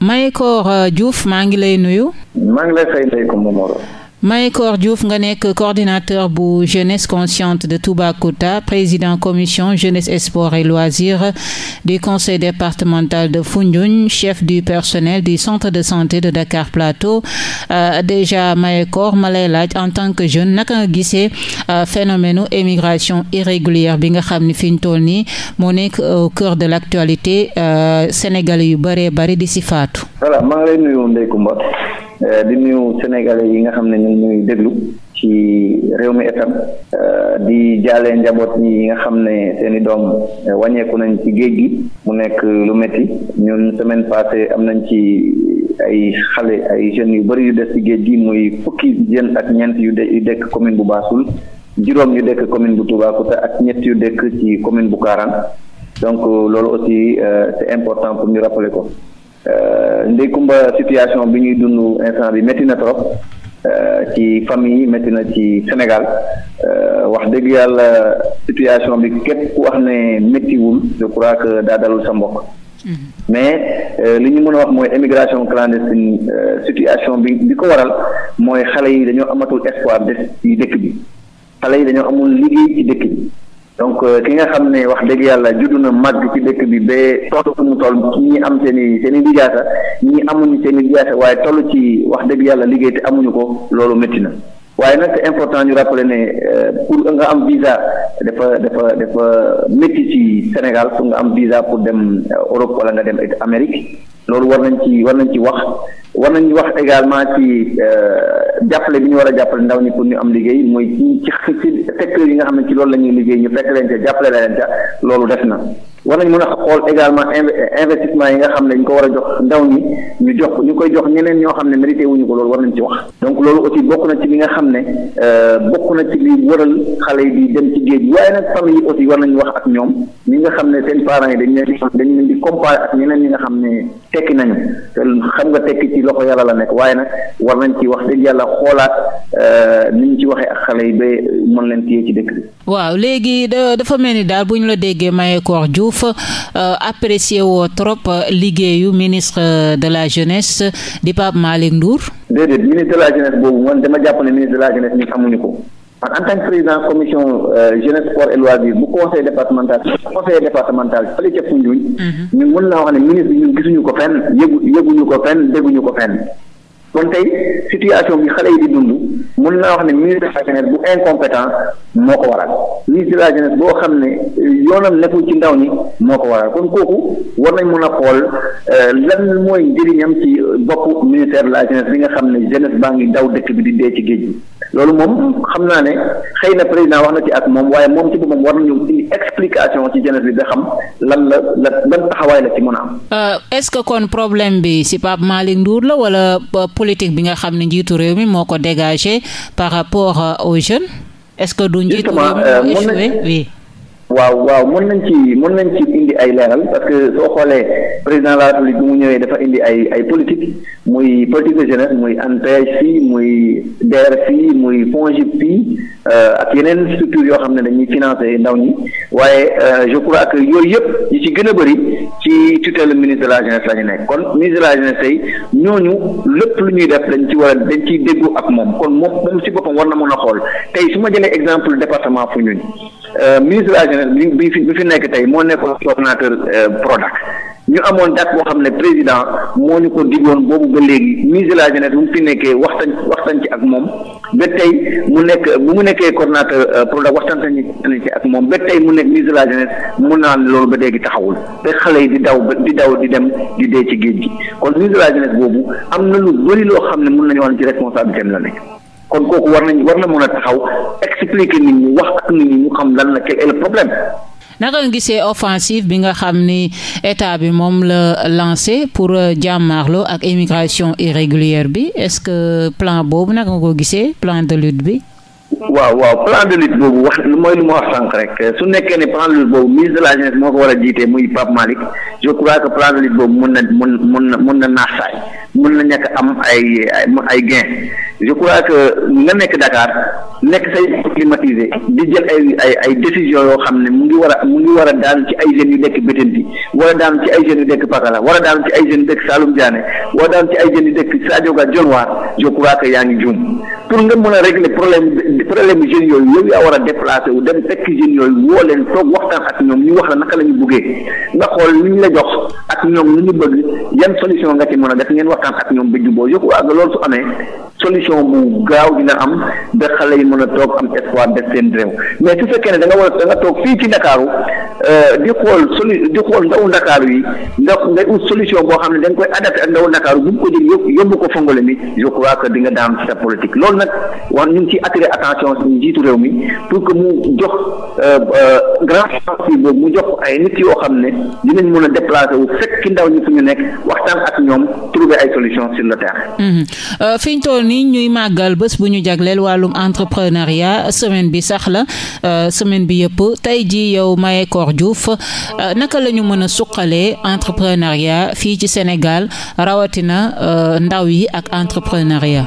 Mayakor euh, Diouf maa ngi lay nuyu. maa ngi lay fay Ndeye Comba Moreau Mahécor Diouf nga nekk coordinateur bu jeunesse consciente de Toubacouta président commission jeunesse et sport et loisirs du conseil départemental de Foundiougne chef du personnel du centre de santé de Dakar Plateau euh, déjà Mahécor ma lay laaj en tant que jeune naka nga gisee euh, phénomène émigration irrégulière bi nga xam ne fi ñu toll nii moo nekk au cœur de l'actualité euh, sénégalais yu bëree bëri di si Euh, di nuyu sénégalais yi nga xam ne ñu ngi ñuy déglu ci réew mi FM euh, di jaalee njaboot yi nga xam ne seen i doom euh, wàññeeku nañ ci géej gi mu nekk lu métti ñun semaine passée am nañ ci ay xale ay jeunes yu bari yu des ci géej gi muy fukki jën ak ñeent yu de yu dekk commune bu Bassoul juróom yu dekk commune bu Toubacouta ak ñett yu dekk ci commune bu Karang donc loolu aussi c'est important pour ñu rappeler ko Euh, ndeykumba situation bi ñuy dund instant bi métti na trop euh, ci famille yi métti na ci Sénégal euh, wax dëgg yàlla situation bi képp ku wax ne méttiwul je crois que daa dalul sa mbokk. Mm-hmm. mais li ñu mën a wax mooy émigration clandestine situation bi bi ko waral mooy xale yi dañoo amatul espoir des ci dëkk bi xale yi dañoo amul liggéey ci dëkk bi. donc euh, ki nga xam ne wax dëgg yàlla juddu na màgg ci dëkk bi ba toll fu mu toll ñi am seen i seen i ñi amuñu seen i lijaasa waaye toll ci wax dëgg yàlla liggéey te amuñu ko loolu métti na waaye nag c'est important ñu rappeler ne euh, pour nga am visa dafa dafa dafa métti ci Sénégal pour nga am visa pour dem Europe wala nga dem Amérique loolu war nañ ci war nañ ci wax war nañ wax également ci euh, jàppale bi ñu war a jàppale ndaw ñi pour ñu am liggéey mooy ci ci secteur yi nga xam ne ci loolu la ñuy liggéey ñu fekk leen ca jàppale leen ca loolu def na war nañ mën a xool également investissement yi nga xam ne ñu ko war a jox ndaw ñi ñu jox ñu koy jox ñeneen ñoo xam ne mérité wuñu ko loolu war nañ ci wax donc loolu aussi bokk na ci li nga euh, na nañu wax ak ñoom ñi nga xam ne seen parents yi dañ leen di dañ leen di comparer ak ñeneen ñi nga xam ne tekki nañu te xam nga tekki ci loxo yàlla la nekk waaye nag war nañ ci wax dëgg yàlla xoolaat euh, ni ñu ci waxee ak xale yi ba mën leen téye ci dëkk waaw léegi dafa mel ni daal bu ñu la dafa euh, apprécier woo trop euh, liggéeyu ministre euh, de la jeunesse di Pape Malick Ndour. déedéet ministre de la jeunesse boobu man dama jàpp ne ministre de la jeunesse ñun amuñu ko. man en tant que président commission jeunesse sport et loisir bu conseil départemental conseil départemental fële ca Foundiougne. Mhm. ñun naa wax ne ministre bi gisuñu ko fenn yëgu yëguñu ko fenn dégguñu ko fenn. kon tey situation bi xale yi di dund mun naa wax ne ministre de la jeunesse bu incompétent moo ko waral ministre de la jeunesse boo xam ne euh, yoonam nekkul ci ndaw ñi moo ko waral kon kooku war nañ mun a xool euh, lan mooy njëriñam ci euh, bopp ministère la jeunesse bi nga xam ne jeunesse baa ngi daw dëkk bi di dee ci géej gi loolu moom xam naa ne xëy na président wax na ci ak moom waaye moom ci boppam war nañu indi explication ci jeunesse bi ba xam lan la la lan taxawaay la ci mën politique bi nga xam ne njiitu réew mi moo ko dégagé par rapport euh, aux jeunes est-ce que du njiitu réew mi euh, échoué oui waaw waaw mën nañ ci mën nañ ci ay leeral parce que soo xoolee président de la république bi mu ñëwee dafa indi ay ay politique muy politique de jeunesse muy ANPEJ fii muy DER fii muy FONGIP fii euh, ak yeneen structure yoo xam ne dañuy financer ndaw ñi waaye euh, je crois que yooyu yëpp yi ci gën a bëri ci tutelle ministre de la jeunesse la nekk kon ministre de la jeunesse tey ñooñu lépp lu ñuy def dañ ci war a dañ ciy déggu ak moom kon moom si boppam war na mën a xool tey su ma jëlee exemple département Foundiougne euh, coordonnateur euh, Prodac ñu amoon date boo xam ne président moo ñu ko diggoon boobu ba léegi ministre de la jeunesse bu mu fi nekkee waxtaan waxtaan ci ak moom ba tey mu nekk bu mu nekkee coordonnateur euh, Prodac waxtaan ci ak moom ba tey mu nekk ministre la jeunesse mun naa loolu ba léegi taxawul te xale yi di daw di daw di dem di dee ci géej gi kon ministre de la jeunesse boobu am na lu bëri loo xam ne mun nañu wax ci responsabilité am la nekk. kon kooku war nañ war na mën a taxaw expliquer nit ñi wax ak nit ñi ñu xam lan la quel est problème. naka nga gisee offensive bi nga xam ni état bi moom la lancé pour euh, jàmmaarloo ak immigration irrégulière bi est-ce que plan boobu naka nga ko gisee plan de lutte bi. waaw waaw plan de lutte boobu wax mooy lu ma wax sànq rek su nekkee ne plan de lutte boobu ministre de la jeunesse moo ko war a jiitee muy Pape Malick je crois que plan de lutte boobu mun na mun mun na mun na naaxsaay mun na ñàkk am ay ay gain je crois que nga nekk Dakar nekk say climatisé di jël ay ay ay mu ngi war a daanu ci ay jeunes yu nekk Bettenty war a daanu ci ay jeunes yu nekk Pakala war a daanu ci ay jeunes yu nekk Saloum Diané war a daanu ci ay jeunes yu nekk Sadio Ga John Waar je crois que yaa ngi juum pour nga mën a régler problème problème jeunes yooyu yow yaa war a déplacé wu dem fekk jeunes yooyu woo leen toog waxtaan ak ñoom ñu wax la naka la ñu buggee nga xool li ñu la jox ak ñoom lu ñu bëgg yan solution nga ci mën a def ngeen waxtaan ak ñoom ba juboo yëpp waaw loolu su amee solution bu gaaw dina am ba xale yi mën a toog am espoir def seen réew mais su fekkee ne da nga war a da toog fii ci Ndakaaru euh, di xool solu di xool ndawu Ndakaaru yi nga ngay ut solution boo xam ne da nga koy adapté ndaw ndawu Ndakaaru bu ko jël yóbbu ko fongole mi je crois que di nga daan sa politique loolu nag wax ñu ngi ciy attirer attention njiitu réew mi pour que mu jox euh, euh, grand chance boobu mu jox ay nit yoo xam ne dinañ mën a déplacé wu fekk ndaw ñi fu ñu nekk waxtaan ak ñoom trouver ay solution sur le terrain. Mhm. Euh, fi ñu toll nii ñuy màggal bés bu ñu jagleel wàllum entrepreneuriat semaine bi sax la euh, semaine bi yëpp tey ji yow Mayekor Diouf euh, naka la ñu mën a suqale entrepreneuriat fii ci senegal rawatina ndaw yi ak entrepreneuriat.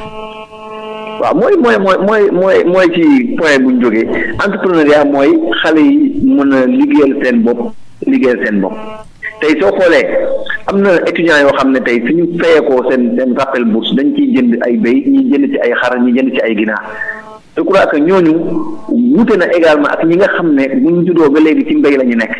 waaw mooy mooy mooy mooy mooy ci point bu ñu jógee entrepreneuriat mooy xale yi mën a liggéeyal seen bopp liggéeyal seen bopp tey soo xoolee am na étudiants yoo xam ne tey suñu ko seen seen rappel bourse dañ ciy jënd ay béy ñi jënd ci ay xar ñi jënd ci ay ginaar je crois que ñooñu wute na également ak ñi nga xam ne buñ juddoo ba léegi ci mbéy lañu nekk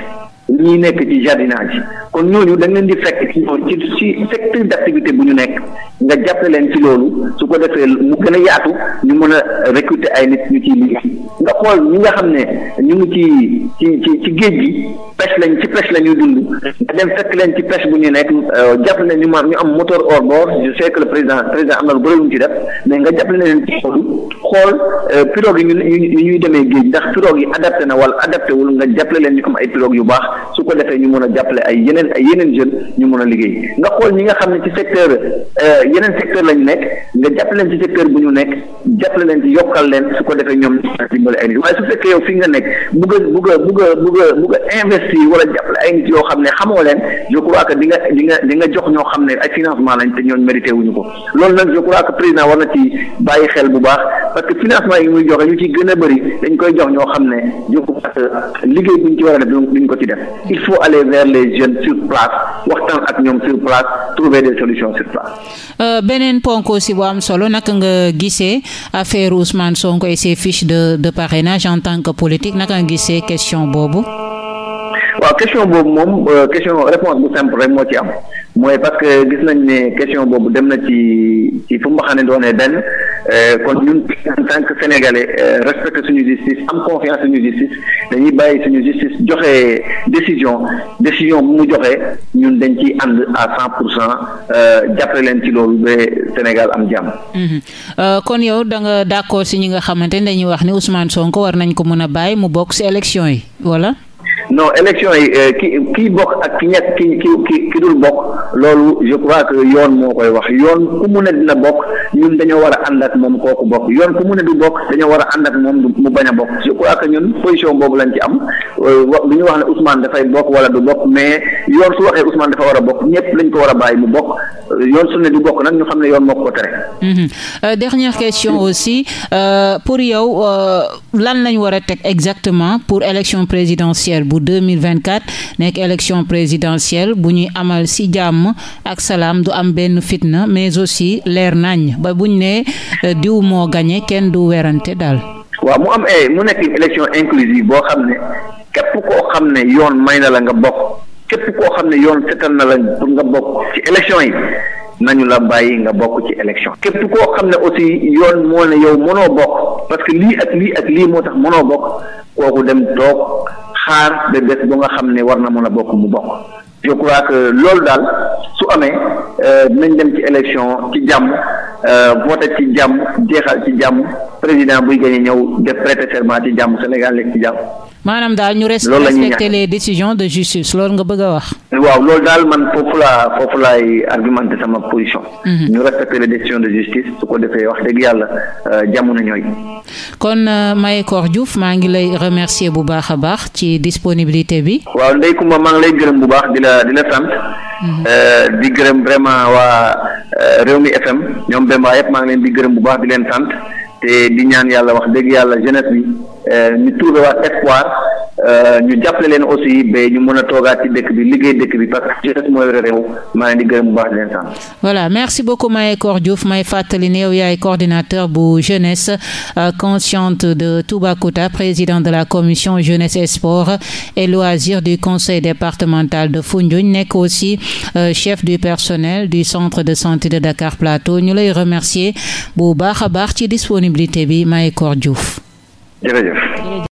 ñi nekk ci jardinage kon ñooñu da leen di fekk ci ñoom ci ci secteur d' activité bu ñu nekk nga jàppale leen ci loolu su ko defee mu gën a yaatu ñu mën a recruter ay nit ñu ci liggéey nga xool ñi nga xam ne ñu ngi ci ci ci ci géej gi pêche lañ ci pêche la ñuy dund nga dem fekk leen ci pêche bu ñu nekk euh, jàppale ñu ma ñu am moteur hors bord je sais que le président président am na lu bëri lu ñu ci def mais nga jàppale leen ci loolu xool euh, pirogue yi ñu ñuy demee géej ndax pirogue yi adapté na wala nga jàppale leen ñu am ay pirogue yu baax su ko defee ñu mën a jàppale ay yeneen ay yeneen jeunes ñu mën a liggéey nga xool ñi nga xam ne ci secteur euh, yeneen secteur lañu nekk nga jàppale leen ci secteur bu ñu nekk jàppale leen ci yokkal leen su ko defee ñoom dimbali ay nit waaye su fekkee yow fi nga nekk bugg a bugg a bugg a wala jàppale ay nit yoo xam ne xamoo leen je crois di nga di nga di nga jox ñoo xam ne ay financement lañ te ñooñ mérité wuñu ko loolu nag je crois que président war ci bàyyi xel bu baax parce que financement yi muy joxe ñu ci gën a bëri dañ koy jox ñoo xam ne je crois que liggéey buñ ci war a def duñ ko ci def il faut aller vers les jeunes sur place waxtaan ak ñoom sur place trouver des solutions sur place. Euh, beneen ponk aussi bu am solo naka nga gise affaire Ousmane Sonko et ses fiches de de parrainage en tant que politique naka nga gisee question boobu. waaw question boobu moom euh, question réponse bu simple rek moo que gis nañ ne question boobu dem na ci ci fu benn. Euh, kon ñun en tant que sénégalais euh, respecté suñu justice am confiance suñu justice dañuy bàyyi suñu justice joxe décision décision bu mu joxe ñun dañ ci ànd à cent pour euh, jàppale leen ci loolu ba Sénégal am jàmm. Mhm. kon yow da nga d'accord si ñi nga xamante ne dañuy wax ne Ousmane sonk war nañ ko mën a bàyyi mu bokk si élection yi wala. non élection yi euh, ki kii bokk ak ki ñàkk ki ki ki dul bokk loolu je crois que yoon moo koy wax yoon ku mu ne dina bokk ñun dañoo war a ànd ak moom kooku bokk yoon ku mu ne du bokk dañoo a ànd mu bañ a bokk je crois que ñun position boobu lañ euh, wa du ñu wax ne Ousmane dafay bokk wala du bokk mais yoon su waxee Ousmane dafa war a bokk ñëpp lañ ko war a bàyyi mu bokk euh, yoon su ne du bokk nag ñu xam ne yoon moo ko tere. Mm-hmm. dernière question aussi pour yow lan lañ war a teg exactement pour élection présidentielle bu 2024 nekk élection présidentielle bu ñuy amal si jàmm ak salaam du am benn fitna mais aussi leer nañ ba buñ ne euh, diw moo gañe kenn du werante daal. waaw mu am ay eh, mu nekk élection inclusive boo xam ne képp koo xam ne yoon may na la nga bokk képp koo xam ne yoon setal na la nga bokk ci élection yi. nañu la bàyyi nga bokk ci élection képp koo xam ne aussi yoon moo ne yow mënoo bokk parce que lii ak lii ak lii moo tax mënoo bokk kooku dem toog xaar ba bés bu nga xam ne war na mën a bokk mu bokk je crois que loolu daal su amee euh, nañ dem ci élection ci jàmm Euh, voté ci jàmm jeexal ci jàmm président buy gën a ñëw def prêter serment ci jàmm Sénégal lekk ci jàmm. maanaam daal ñu respecter les décisions de justice loolu nga bëgg a wax. waaw loolu daal man foofu laa foofu laay argumenté sama position. Mhm. ñu respecter les décisions de justice su ko defee wax dëgg yàlla euh, jàmm na ñooy. kon euh, Mayekor Diouf maa ngi lay remercier bu baax a baax ci disponibilité bi. waaw Ndeye Comba maa ngi lay gërëm bu baax di la di la sant. Mhm. Euh, di gërëm vraiment waa euh, réew mi FM ñoom Bemba yëpp maa ngi leen di gërëm bu baax di leen sant te di ñaan yàlla wax dëgg yàlla jeunesse bi. Euh, ñu trouvé waat espoir euh, ñu jàppale leen aussi ba ñu mën a toogaat ci dëkk bi liggéey dëkk bi parce que jeunesse mooy yore réew maa leen baax leen sant. merci beaucoup Mahécor Diouf may fàttali ne yow yaay coordinateur bu jeunesse euh, consciente de Toubacouta président de la commission jeunesse et sport et loisirs du conseil départemental de Foundiougne nekk aussi chef du personnel du centre de santé de Dakar Plateau ñu lay remercier bu baax a baax ci disponibilité bi Mahécor Diouf. jërëjëf